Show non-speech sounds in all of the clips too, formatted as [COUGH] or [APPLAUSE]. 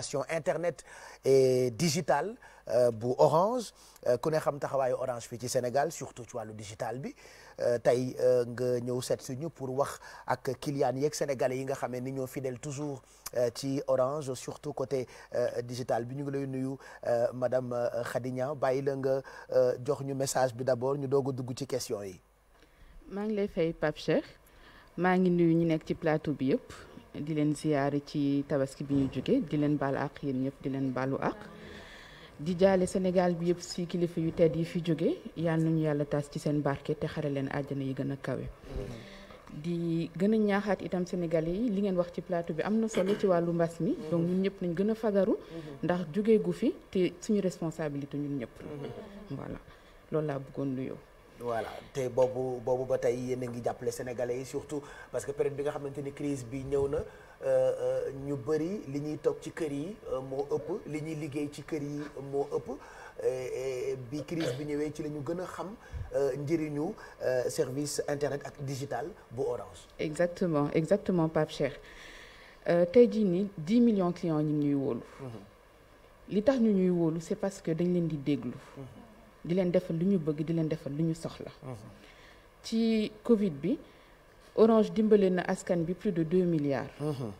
station internet et digital euh, bu Orange euh, ku ne xam taxawaayu Orange fii ci Sénégal surtout ci wàllu digital bi euh, tey nga ñëw seet suñu pour wax ak clients yeeg sénégalais yi nga xamee ni ñoo fidèle toujours ci Orange surtout côté digital bi ñu ngi lay nuyu madame Khady Niang bàyyi la nga jox ñu message bi d'abord ñu doog a dugg ci question yi. maa ngi lay fay Pape maa ngi nuyu ñu nekk ci plateau bi yëpp. di leen ziyaare ci tabaski bi ñu jóge di leen baal àq yéen ñëpp di leen baalu àq di jaale Sénégal bi yëpp si kilifa yu tedd yi fi jóge yal nañu yàlla tas ci seen barke te xare leen àjjana yi gën a kawe. di gën a ñaaxaat itam sénégalais yi li ngeen wax ci plateau bi am na solo ci wàllu mbas mi. donc ñun ñëpp nañ gën a fagaru. ndax jóge gu fi te suñu responsabilité ñun ñëpp. Mmh. voilà loolu laa bëggoon nuyoo. voilà te boobu boobu ba tey yéen a ngi jàppale sénégalais yi surtout parce que période bi nga xamante ni crise bi ñëw na euh, euh, ñu bëri li ñuy toog ci kër yi euh, moo ëpp li ñuy liggéey ci kër yi moo ëpp bi crise bi ñëwee ci lañu gën a xam njëriñu service internet ak digital bu Orange. exactement exactement Pape Cheikh tey jii nii 10 millions clients ñu ñuy wóolu. Mm-hmm. li tax ñu ñuy wóolu c'est parce que dañ leen di déglu. Mm-hmm. di leen defal lu ñu bëgg di leen defal lu ñu soxla. Uh-huh. ci Covid bi Orange dimbale na askan bi plus de deux milliards. Uh-huh.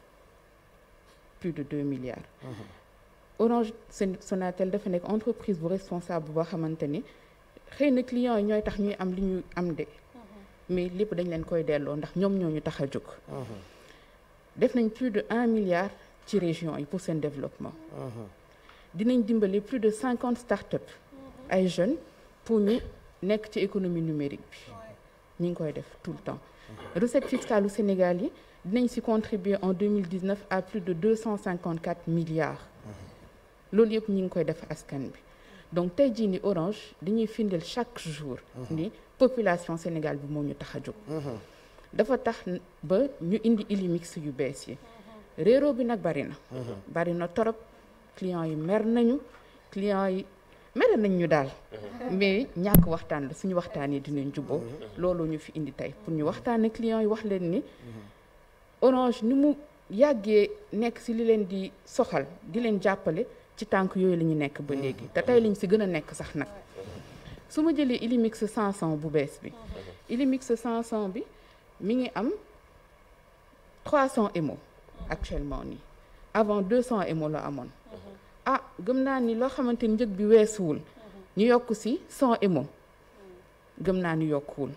plus de deux milliards. Uh-huh. Orange Sonatel dafa nekk entreprise bu responsable boo xamante ni xëy na clients yi ñooy tax ñuy am li ñu am de. mais lépp dañ leen koy delloo ndax ñoom ñoo ñu tax a jóg. def nañ plus de un milliard ci région yi pour seen développement. dinañ dimbale plus de cinquante start-up. ay jeunes pour ñu nekk ci économie numérique bi ñu ngi koy def tout le temps recette fiscale Sénégal yi dinañ si contribuer en 2019 à plus de 254 milliards loolu yëpp ñu ngi koy def askan bi donc tey jii ni Orange dañuy findel chaque jour mhm. ni population Sénégal bi moo ñu tax a jóg mhm. dafa tax ba ñu indi Illimix yu bees yi mhm. réeroo bi nag bari na bari torop clients yi mer nañu clients yi mere nañ ñu daal mais ñàkk waxtaan la suñu waxtaan yi dinañ juboo loolu ñu fi indi tey pour ñu waxtaan ak clients yi wax leen ni orange ni mu yàggee nekk si li leen di soxal di leen jàppale ci tànk yooyu lañuy nekk ba léegi te tey lañ si gën a nekk sax nag su ma jëlee Ilimix 500 bu bees bi Ilimix 500 bi mi ngi am 300 imo actuellement nii avant 200 émo la amoon ah gëm naa ni loo xamante ni njëg bi weesuwul ñu yokk si cent emo gëm naa ni yokkuwul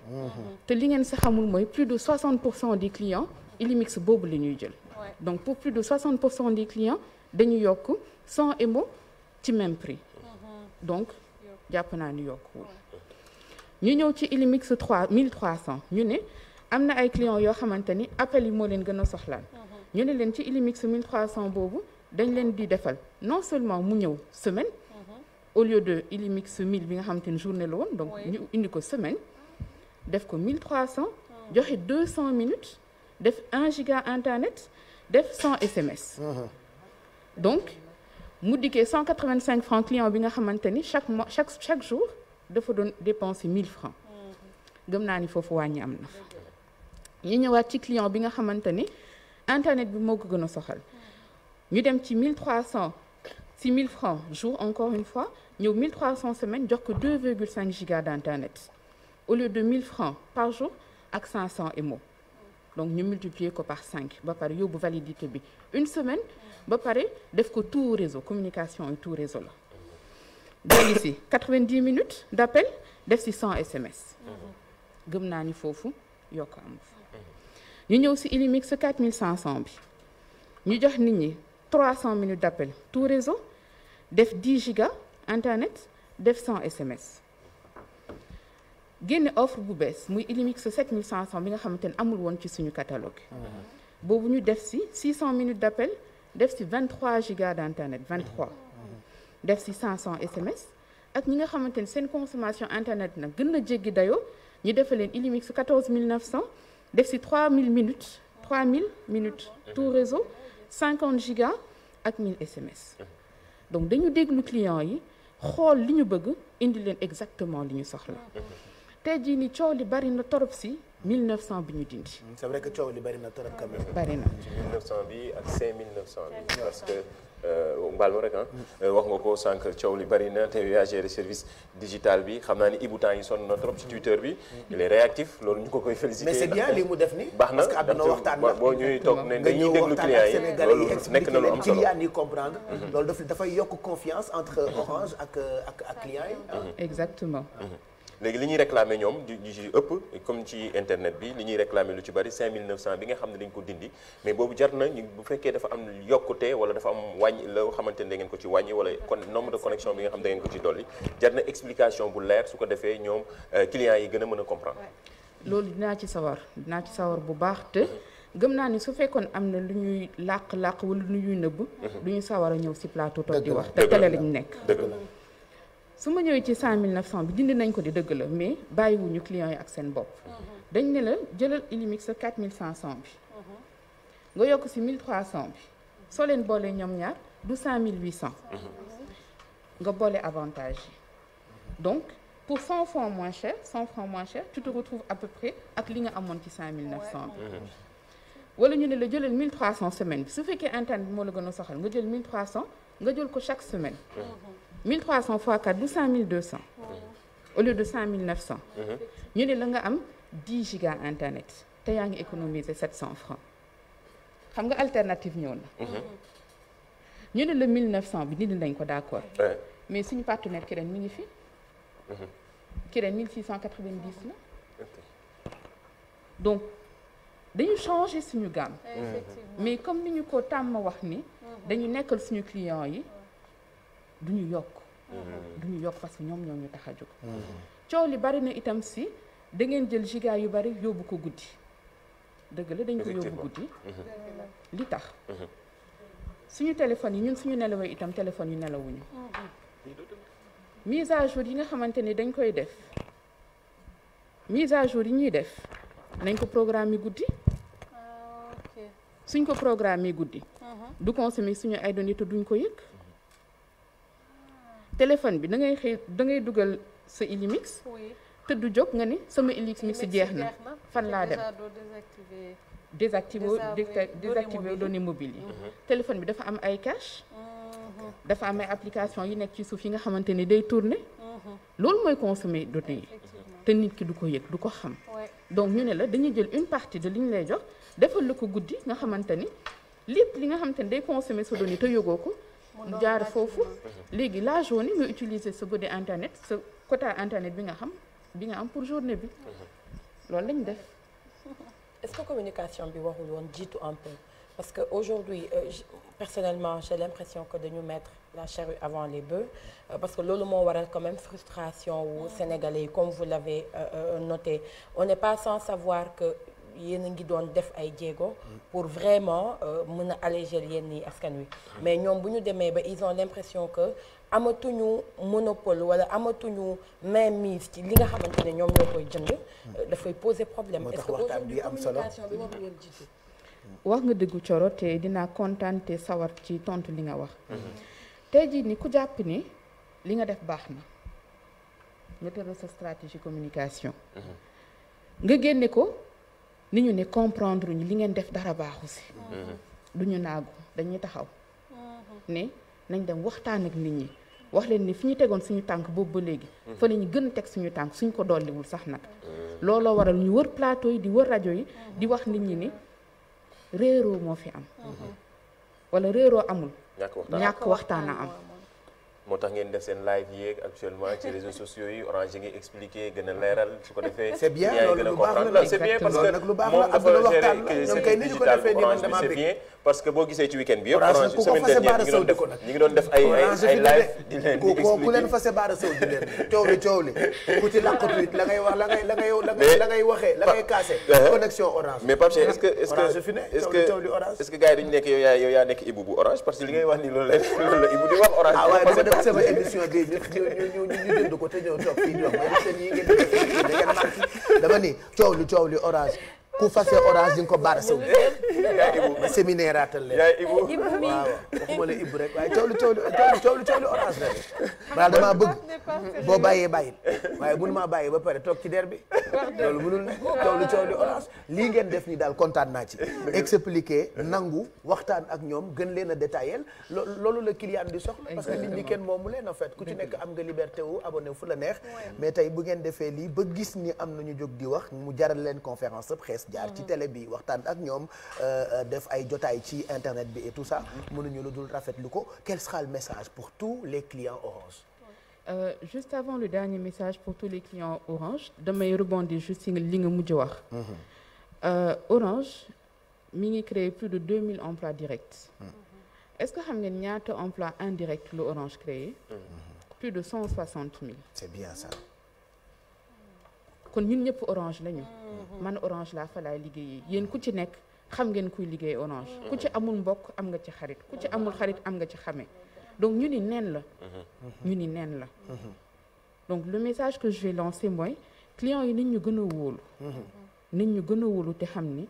te li ngeen si xamul mooy plus de 60 pour cent des clients Ilimix boobu la ñuy jël donc pour plus de 60 pour cent des clients dañu yokk cent emo ci même prix mm-hmm. donc jàpp naa ni yokkuwul ñu ñëw ci Ilimix 3 1300 ñu ne am na ay clients yoo xamante ni appels moo leen gën a soxlaan mm-hmm. ñu ne leen ci Ilimix boobu dañ leen di defal non seulement mu ñëw semaine mhm. au lieu de Illimix 1000 bi nga xamante ni journée la donc ñu indi ko semaine def ko 1300 ah. joxe 200 minutes def 1 giga internet def 100 SMS mhm. donc mu cent dikkee cinq francs client bi nga xamante ni chaque mois chaque chaque jour dafa doon dépenser mille francs mhm. gëm naa ni foofu wàññi am na fa ñëwaat ci client bi nga xamante ni internet bi moo ko gën a soxal ñu dem ci 1300 6 000 francs jour encore une fois ñëw 1300 semaine jox ko 2,5 giga d' internet au lieu de 1000 francs par jour ak 500 MO donc ñu multiplier ko par 5 ba pare yóbbu validité bi une semaine ba pare def ko tout réseau communication et tout réseau la dolli si 90 minutes d' appel def si 100 SMS gëm naa ni foofu yokk am ñu ñëw si Illimix 4500 bi ñu jox nit ñi 300 minutes d'appel tout réseau def 10 giga internet def 100 SMS génne offre bu bees muy Illimix 7500 bi nga xamante ne amul woon ci suñu catalogue mmh. boobu ñu def si 600 minutes d'appel def si 23 giga d'internet 23 mmh. def si 500 SMS ak ñi nga xamante ne seen consommation internet nag gën a jéggi dayoo ñu defal leen Illimix 14900 def si 3000 minutes 3000 minutes tout réseau cinquante giga ak mille SMS donc dañu déglu client yi xool li ñu bëgg indi leen exactement li ñu soxla te jii nii coow li bari na torop si 1900 bi ñu dindi. Mm, c'est vrai que coow li bari na torop quand bari na bi ak 5900 bi parce que. Euh, mbaal ma rek ah euh, wax nga ko sànq li bari na te yaa géré service digital bi xam naa ni Ibou temps yi sonn na trop ci Twitter bi mm. il est réactif loolu ñu koy félicité li mu def ni baax na parce que àdduna waxtaan na boo ñuy toog ne dañuy déglu clients yi loolu nekk na lu am mm-hmm. loolu dafay yokk confiance entre Orange ak euh, ak yi ah. exactement mm-hmm. léegi li ñuy réclamer ñoom di ci ëpp comme ci internet bi li ñuy réclamer lu ci bari 5900 bi nga xam ne dañ ko dindi mais boobu jar na ñu bu fekkee dafa am yokkute wala dafa am wàññi xamante ne da ngeen ko ci wàññi wala kon nombre de connexion bi nga xam ne da bu leer su ko defee ñoom euh, clients yi gën a mën a comprendre loolu dinaa ci sawar dinaa ci sawar bu baax te gëm naa ni su fekkoon am na lu ñuy làq-làq wala lu ñuy nëbb lu mhm. ñu sawar a ñëw si plateau toog di wax te télé lañ nekk su ma ñëwee ci cent mille neuf cent bi dindi nañ ko di dëgg la mais bàyyiwuñu clients yi ak seen bopp. Mhm. dañ ne la jëlal Illimix sa quatre mille cinq cent bi. Mhm. nga yokk si mille trois cent bi. soo leen boolee ñoom ñaar du cinq mille huit cent. Mhm. nga boole avantage yi. donc pour cent francs moins cher cent francs moins cher tu te retrouves à peu près ak li nga amoon ci cinq mille neuf cent bi. wala ñu ne la jëlal 1300 semaine bi su fekkee internet bi moo la gën a soxal nga jël 1300 nga jël ko chaque semaine. 1300 fois 4 du 5200 au lieu de 5900. Mhm. ñu ne la nga am 10 giga internet te yaa ngi économiser 700 francs xam nga alternative ñëw na. Mhm. ñu ne la bi nit dañ ko d'accord. mais suñu ki Kirène mi ngi fi. Mhm. Kirène 1690 la. donc dañu changer suñu gam mais comme ni ñu ko tàmm wax ni. dañu nekkal suñu client yi. du ñu yokk mm-hmm. du ñu yokk parce que ñoom ñoo ñu tax a jóg mm-hmm. coow li bari na itam si da ngeen jël giga yu bari yóbbu ko guddi dëgg la dañ ko yóbbu guddi mm-hmm. li tax suñu téléphone yi ñun suñu nelawee itam téléphone yu nelawuñu mise à jour yi nga xamante ni dañ koy def mise à jour yi ñuy def nañ ko programme yi guddi ah, suñ ko programme yi guddi du consommer suñu ay données duñ ko yëg téléphone bi da ngay xëy da ngay dugal sa Illimix. te du jóg nga ni sama Illimix si jeex na fan laa dem désactivé désactivé données mobiles yi mhm. téléphone bi dafa am ay cache mhm. dafa am ay application yi nekk ci suuf yi nga xamante ni day tourner mhm. loolu mooy consommer données yi te nit ki du ko yëg du ko xam donc ñu ne la dañuy jël une partie de li ñu lay jox defal la ko guddi nga xamante ni lépp li nga xamante ni day consommer sa données te yogoo ko jaar foofu léegi la journée nga utiliser sa bëdee internet sa quota internet bi nga xam bi nga am pour journée bi loolu lañ def est-ce que communication bi waxul woon jiitu un peu parce que aujourd'hui euh, personnellement j'ai l'impression que dañu mettre la charrue avant les bœufs euh, parce que loolu moo waral quand même frustration wu mm. sénégalais yi comme vous l'avez euh, euh, noté on n'est pas sans savoir que yéen a ngi doon def ay jéego pour vraiment euh, mën a alléger yenn yi askan wi mais ñoom bu ñu demee ba ils ont l'impression que amatuñu monopole wala amatuñu main mise ci li nga xamante ñoom ñoo koy jënd euh, dafay poser problème est-ce que aujourd'hui communication bi moom wax nga dëggu coro te dinaa kontaan sawar ci tontu li nga wax tey jii ni ku jàpp ni li nga def baax na nga tëral sa stratégie communication mhm. nga génne ko ni ñu ne comprendre ñu li ngeen def dara baaxu si mm-hmm. du ñu naagu dañuy taxaw mm-hmm. ne nañ dem waxtaan ak nit ñi wax leen ni fi ñu tegoon suñu tànk boobu ba léegi mm-hmm. fa la ñu gën a teg suñu tànk suñ ko dolliwul sax nag looloo waral ñu wër plateau yi di wër rajo yi di wax nit ñi ni réeroo moo fi am wala réeroo amul ñàkk waxtaan a am moo tax ngeen def seen live yeeg actuellement ci réseaux sociaux yi orange ngi expliquer gën a leeral su ko defee. c'est bien loolu la c'est bien la ngay waxee la ngay kaase eh, eh. connexion orange mais Pape Cheikh est-ce que est est est-ce que gars nekk yow yaa nekk ibu bu orange parce que li ngay wax ni loolu la ibu di wax orange ah sama émission bi ñu ñu ñu jënd ko te ñëw toog fii di wax mooy seen yi ngeen def da ngeen marqué dama ni coow li coow li orange ku fase orange di nga ko baara sew. séminaire atal leen. yaay Ibou waaw waxuma la Ibou rek waaye coow lu coow lu coow damaa bëgg boo bàyyee bàyyil waaye mun maa bàyyi ba pare toog ci der bi loolu mënul ne coow lu coow lii ngeen def nii daal kontaan naa ci. expliquer nangu waxtaan ak ñoom gën leen a détaillé loolu la client di soxla. parce que nit ñi kenn moomu leen en fet ku ci nekk am nga liberté wu abonné fu la neex. mais tey bu ngeen defee lii ba gis ni am na ñu jóg di wax mu jaral leen conférence de presse jaar ci télé bi waxtaan ak ñoom euh, euh, def ay jotaay ci internet bi et tout ça ñu lu dul rafetlu ko quel sera le message pour tous les clients Orange Euh, juste avant le dernier message pour tous les clients Orange damay rebondir juste si li nga mujj wax. Mhm. Euh, Orange mi ngi créé plus de 2000 emplois directs. Mm -hmm. est-ce que xam ngeen ñaata emplois indirects lu Orange créé. Mm plus de 160 000. c'est bien ça. kon ñun ñëpp orange lañu mm-hmm. man orange la falaay laay liggéeyee yéen ku ci nekk xam ngeen kuy liggéey orange mm-hmm. ku ci amul mbokk am nga ci xarit ku ci amul xarit am nga ci xame donc ñu ni neen la mm-hmm. ñu ni neen la donc le message que je vais lancer mooy clients yi nañ ñu gën a wóolu nañ ñu gën a wóolu te xam ni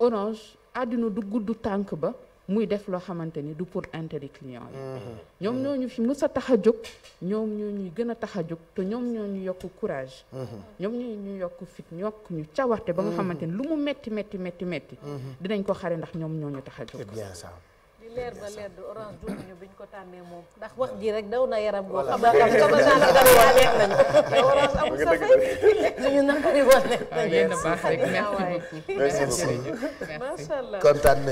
orange àdduna du gudd tànk ba muy def loo xamante ni du pour intérêt client yi mm-hmm. ñoom ñoo ñu fi mës a tax a jóg ñoom ñoo ñuy gën a tax a jóg te ñoom ñoo ñu yokku courage mm-hmm. ñoom ñoo ñu yokk fit yokk ñu cawarte ba nga mm-hmm. xamante ni lu mu metti metti metti metti dinañ ko xare ndax ñoom ñoo ñu tax a jóg leer ba leer du ko tànnee moom ndax wax ji rek na yaram boo xam ne lu [LAUGHS]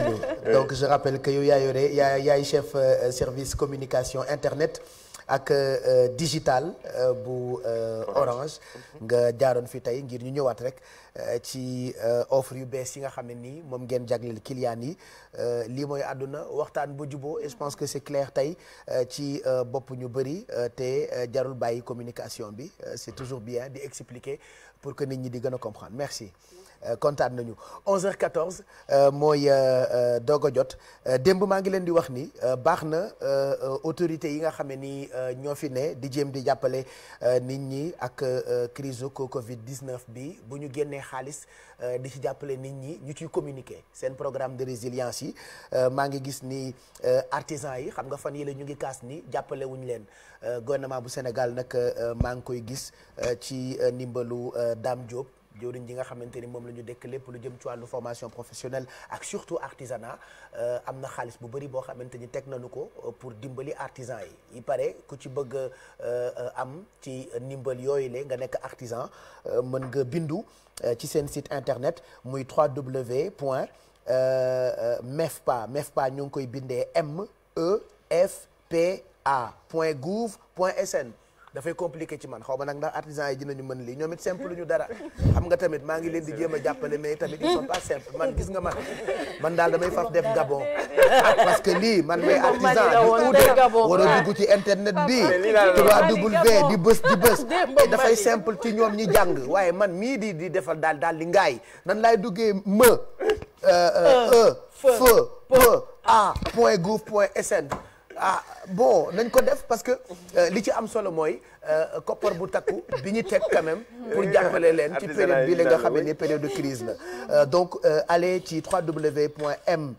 [LAUGHS] ah, [LAUGHS] donc je rappelle que yow yaa yore yaa chef euh, service communication internet ak euh, digital euh, bu euh, orange nga jaaroon fi tey ngir ñu ñëwaat rek ci offre yu bees yi nga xam ne nii moom ngeen jagleel client yi lii mooy àdduna waxtaan bu juboo et que c'est clair tey ci bopp ñu bëri te jarul bàyyi communication bi c'est toujours bien di expliquer pour que nit ñi di gën a comprendre merci Euh, kontaan nañu 11h14 euh, mooy euh, doog a jot démb maa ngi leen di wax ni baax na autorités yi nga xam ne ni ñoo fi ne di jéem di jàppale nit ñi ak crise ko Covid 19 bi bu ñu génnee xaalis di ci jàppale nit ñi ñu ci communiqué seen programme de résilience yi maa ngi gis ni artisans yi xam nga fan yi la ñu ngi kaas ni jàppale wuñ leen gouvernement bu Sénégal nag maa ngi koy gis ci ndimbalu Dame Diop. jëwriñ ji nga xamante ni moom la ñu dekk lépp lu jëm ci wàllu formation professionnelle ak surtout artisanat euh, am na xaalis bu bëri boo xamante ni teg nañu ko euh, pour dimbali artisan yi. yi pare ku ci bëgg euh, am ci ndimbal yooyu la nga nekk artisan mën nga bindu ci seen site internet muy 3w point mefpa mefpa ñu ngi koy bindee m e f p a point gouv point sn. dafay compliqué ci man xaw ma nag ndax artisan yi dinañu mën lii ñoom it simple ñu dara xam nga tamit maa ngi leen di jéem a jàppale mais tamit ils sont pas simples man gis nga man man daal damay faf def gabon parce que lii man may war a dugg ci internet bi www di bës di bës dafay simple ci ñoom ñi jàng waaye man mii di di defal daal daal li ngaay nan laay duggee me e fe e, a point gouv point sn ah bon nañ ko def parce que euh, li ci am solo mooy euh, koppar bu takku bi ñu teg quand même pour jàppale leen ci période bi la nga xam ne période de crise la euh, donc allez ci www.m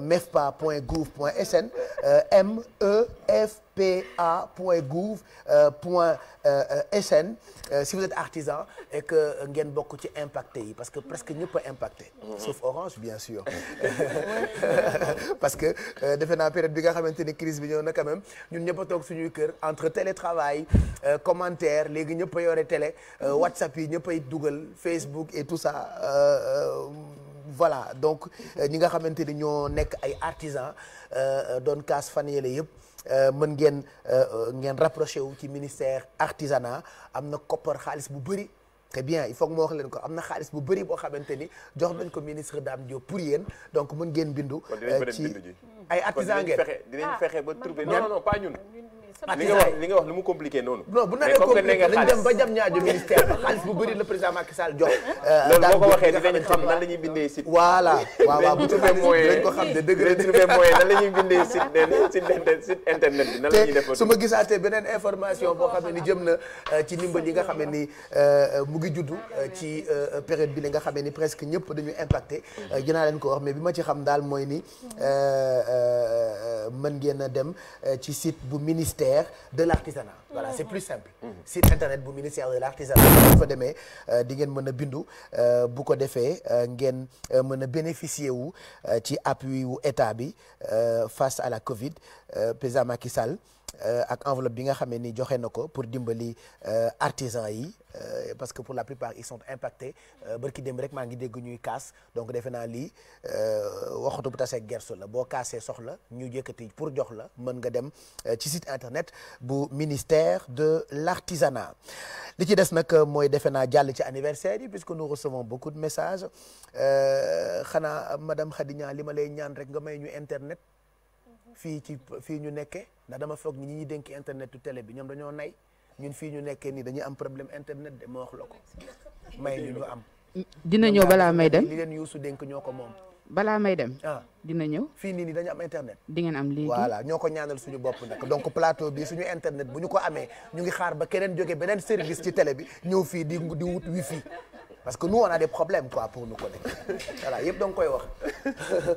mefpa.gouv.sn Euh, m e f p a point gouv euh, point euh, sn si vous êtes artisan et que ngeen bokk ci impacté yi parce que presque ñëpp a impacté mhm. sauf orange bien sûr [LAUGHS] parce que defe naa période bi nga xamante ni crise bi ñëw na quand même ñun ñëpp a toog suñuy kër entre télétravail commentaire léegi ñëpp a yore télé mhm. whatsapp yi ñëpp ay dugal facebook et tout ça voilà donc euh, ñi nga xamante ni ñoo nekk ay artisans euh, euh, doon kaas fan yële yëpp mën ngeen ngeen rapproché wu ci ministère artisana am na koppar xaalis bu bëri. très bien il faut moo wax leen ko am na xaalis bu bëri boo xamante ni jox nañ ko ministre Dame Diop pour yéen donc mën ngeen bindu. ci ay artisans ngeen dinañ ah, fexe ba trouver non non pas ñun. li nga wax li nga wax lu mu compliqué noonu. non bu naree compliqué dem ba jam ñaajo ministère ba xaalis bu bëri le président Macky Sall jox. loolu euh, boo ko waxee dinañ xam nan la ñuy bindee site. voilà [LAUGHS] waaw waaw bu trouvé xam ne dëgg la trouvé moyen nan la ñuy [LAUGHS] bindee site internet bi nan la ñuy def. su ma gisaatee beneen information boo xam ne ni jëm na euh, ci ndimbal yi nga xam ne ni euh, mu ngi juddu ci période bi li nga xam ni presque ñëpp dañu impacté. dinaa leen ko wax mais bi ma ci xam daal mooy ni mën ngeen a dem ci site bu ministère ministère de l'artisanat voilà c'est plus simple site internet bu ministère de l'artisanat bu fa demee euh, di ngeen mën a bindu euh, bu ko defee euh, ngeen mën a bénéficier wu ci appui wu état bi face à la Covid président Macky Sall Euh, ak enveloppe bi nga xamee ni joxe na ko pour dimbali euh, artisan yi euh, parce que pour la plupart ils sont impactés barki dem rek maa ngi dégg ñuy kaas donc defe naa lii waxatu bu tasee gersu la boo kaasee soxla ñu yëkkati pour jox la mën nga dem ci site internet bu ministère de l'artisanat li ci des nag mooy defe naa jàll ci anniversaire yi puisque nous recevons beaucoup de messages xanaa madame Khadiña li ma lay ñaan rek nga may ñu internet fii ci fii ñu nekke ndax dama foog ni ñi ñu dénk internet tu télé bi ñoom dañoo nay ñun fii ñu nekkee nii dañu am problème internet de ma wax la ko may ñu ñu am. dina ñëw balaa may dem li leen yuusu dénk ñoo ko moom. balaa may dem. ah dina ñëw. fii nii nii dañu am internet. di ngeen am léegi voilà ñoo ko ñaanal suñu bopp nag donc plateau bi suñu internet bu ñu ko amee ñu ngi xaar ba keneen joge beneen service ci télé bi ñëw fii di di wut fii parce que nous on a des problèmes quoi pour nous ko voilà yëpp da nga koy wax. [LAUGHS]